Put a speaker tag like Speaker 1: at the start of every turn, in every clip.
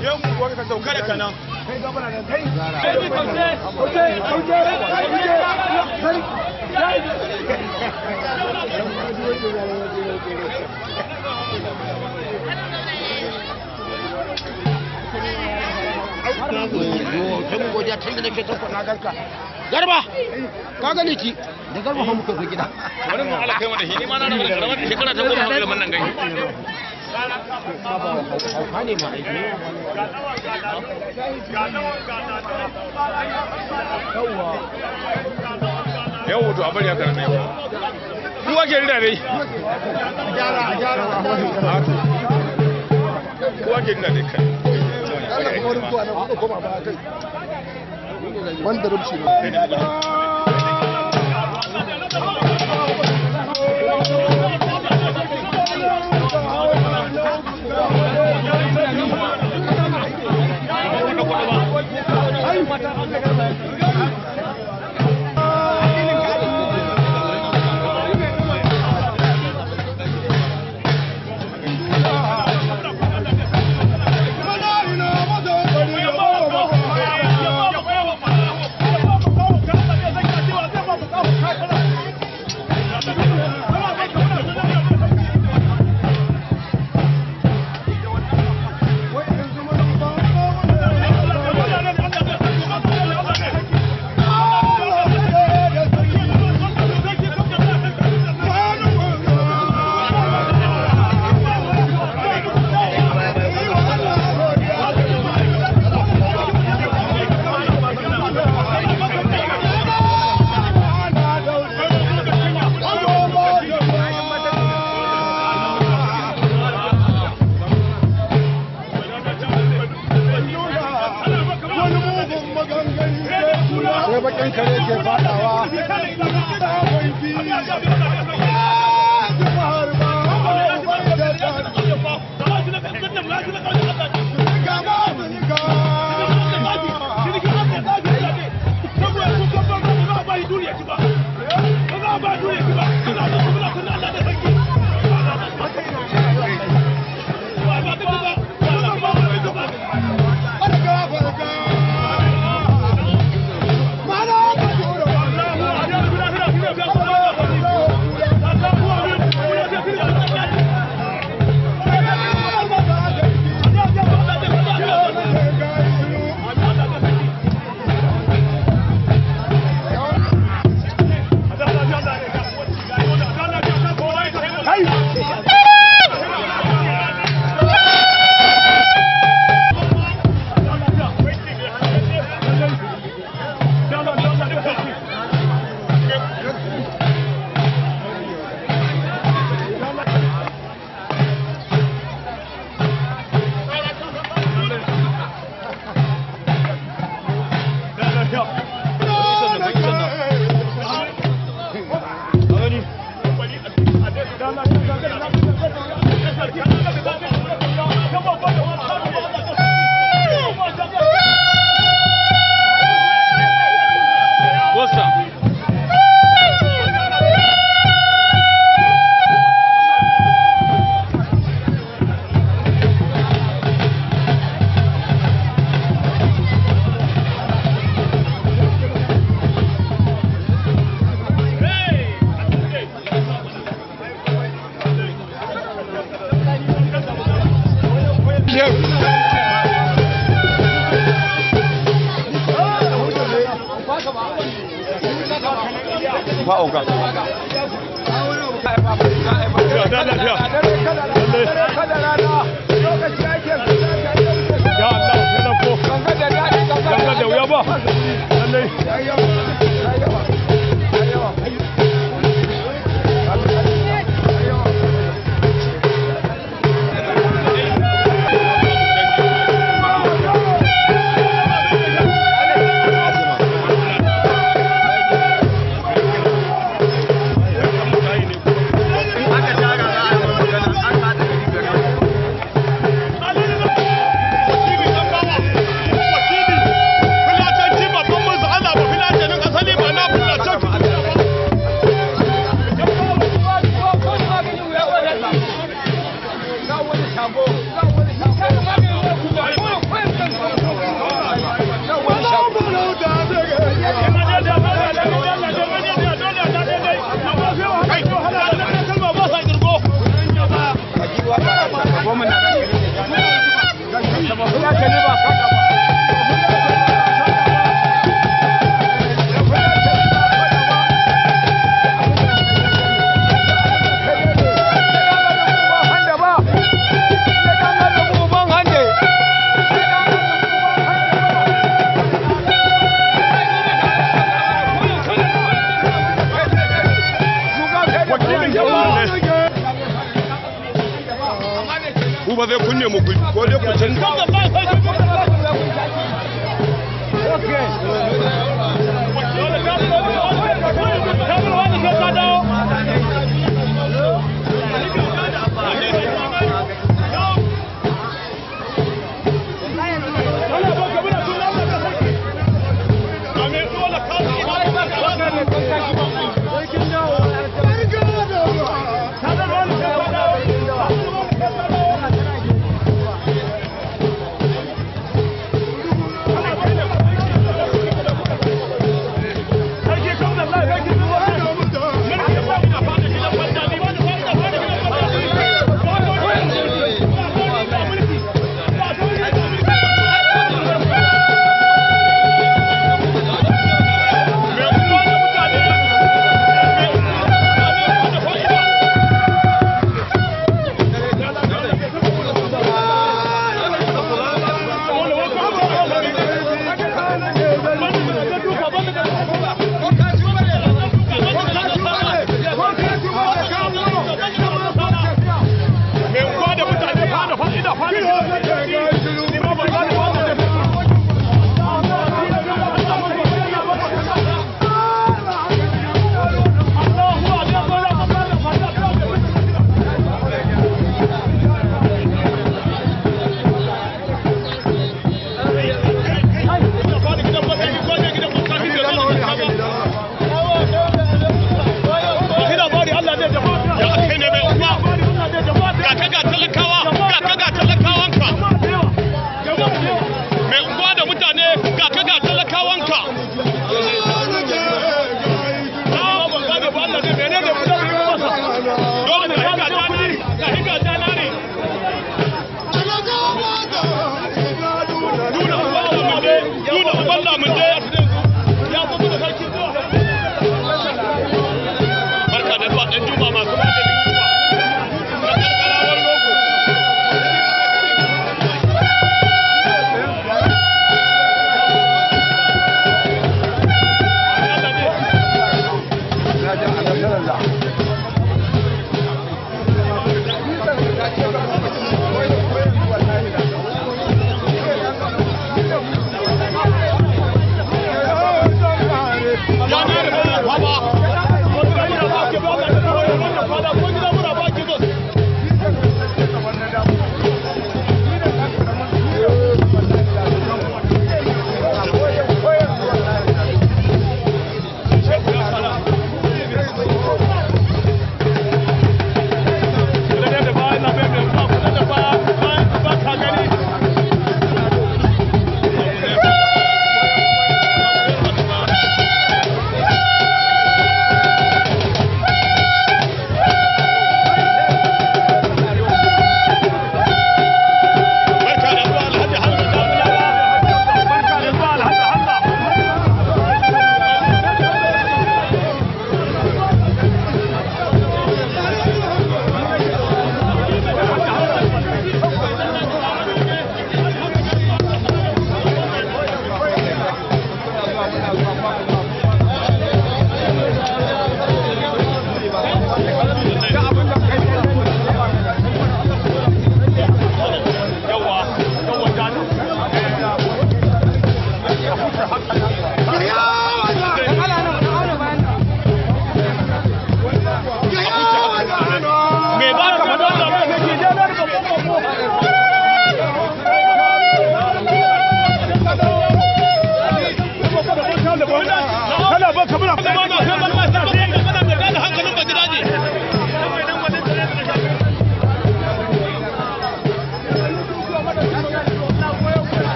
Speaker 1: je mu ka gane ki da garba fa muka zo gida wani mu kai shi na da garba shekara ta goma nan gani yau wato a bari ya karanta yau ku ake rida dai ku ake rida dai kai wanda rubci ne Ich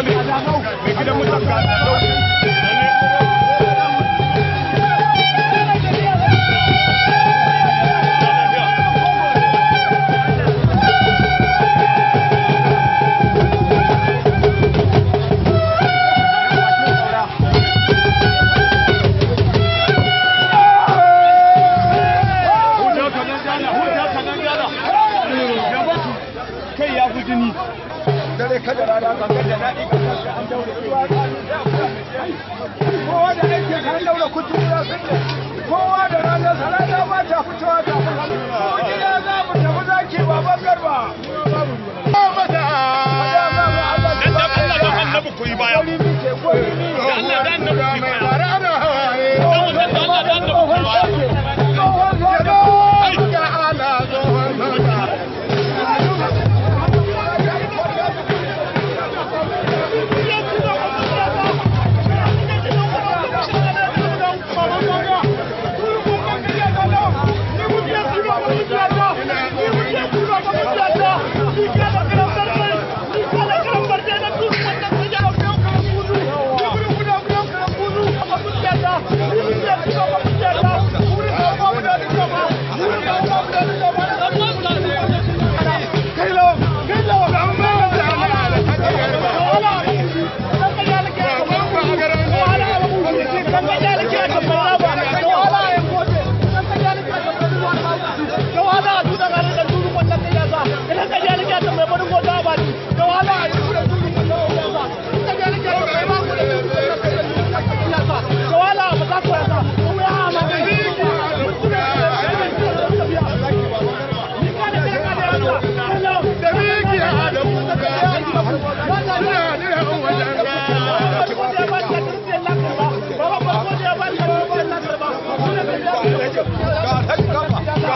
Speaker 1: Olha, olha, olha, muito a casa. Né?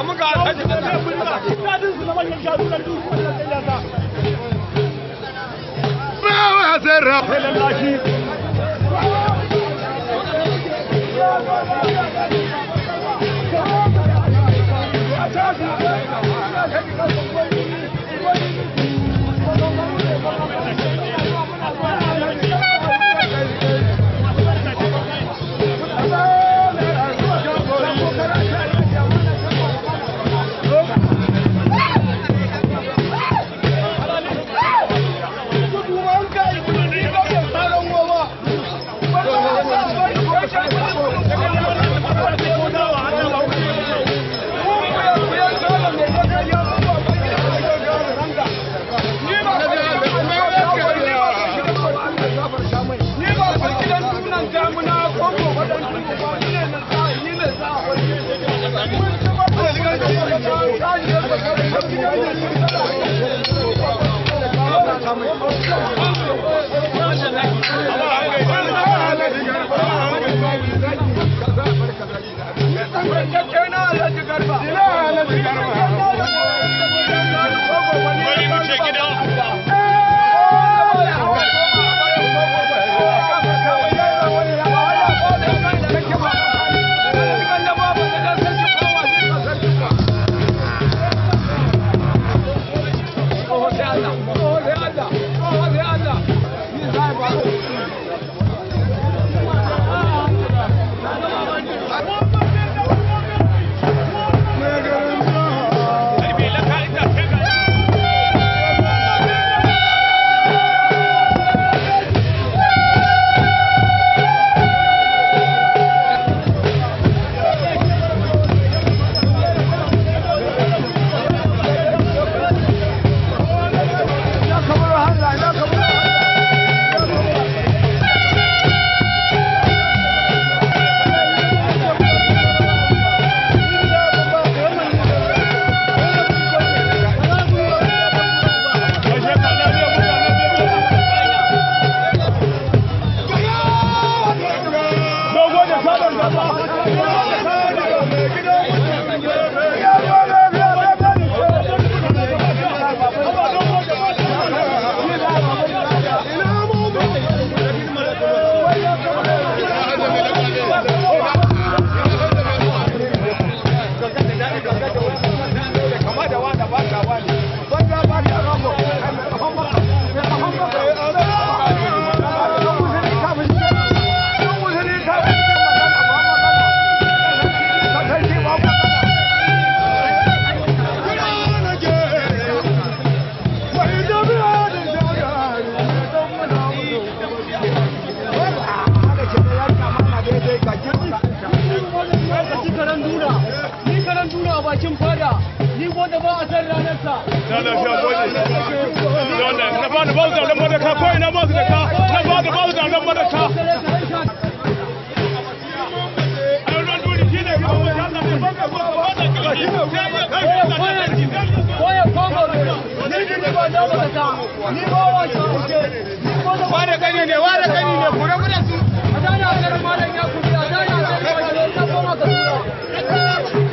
Speaker 1: samu ga alhaji da Bawa zarra. Thank you. Wada gani su. A zana a ya kuma, a zana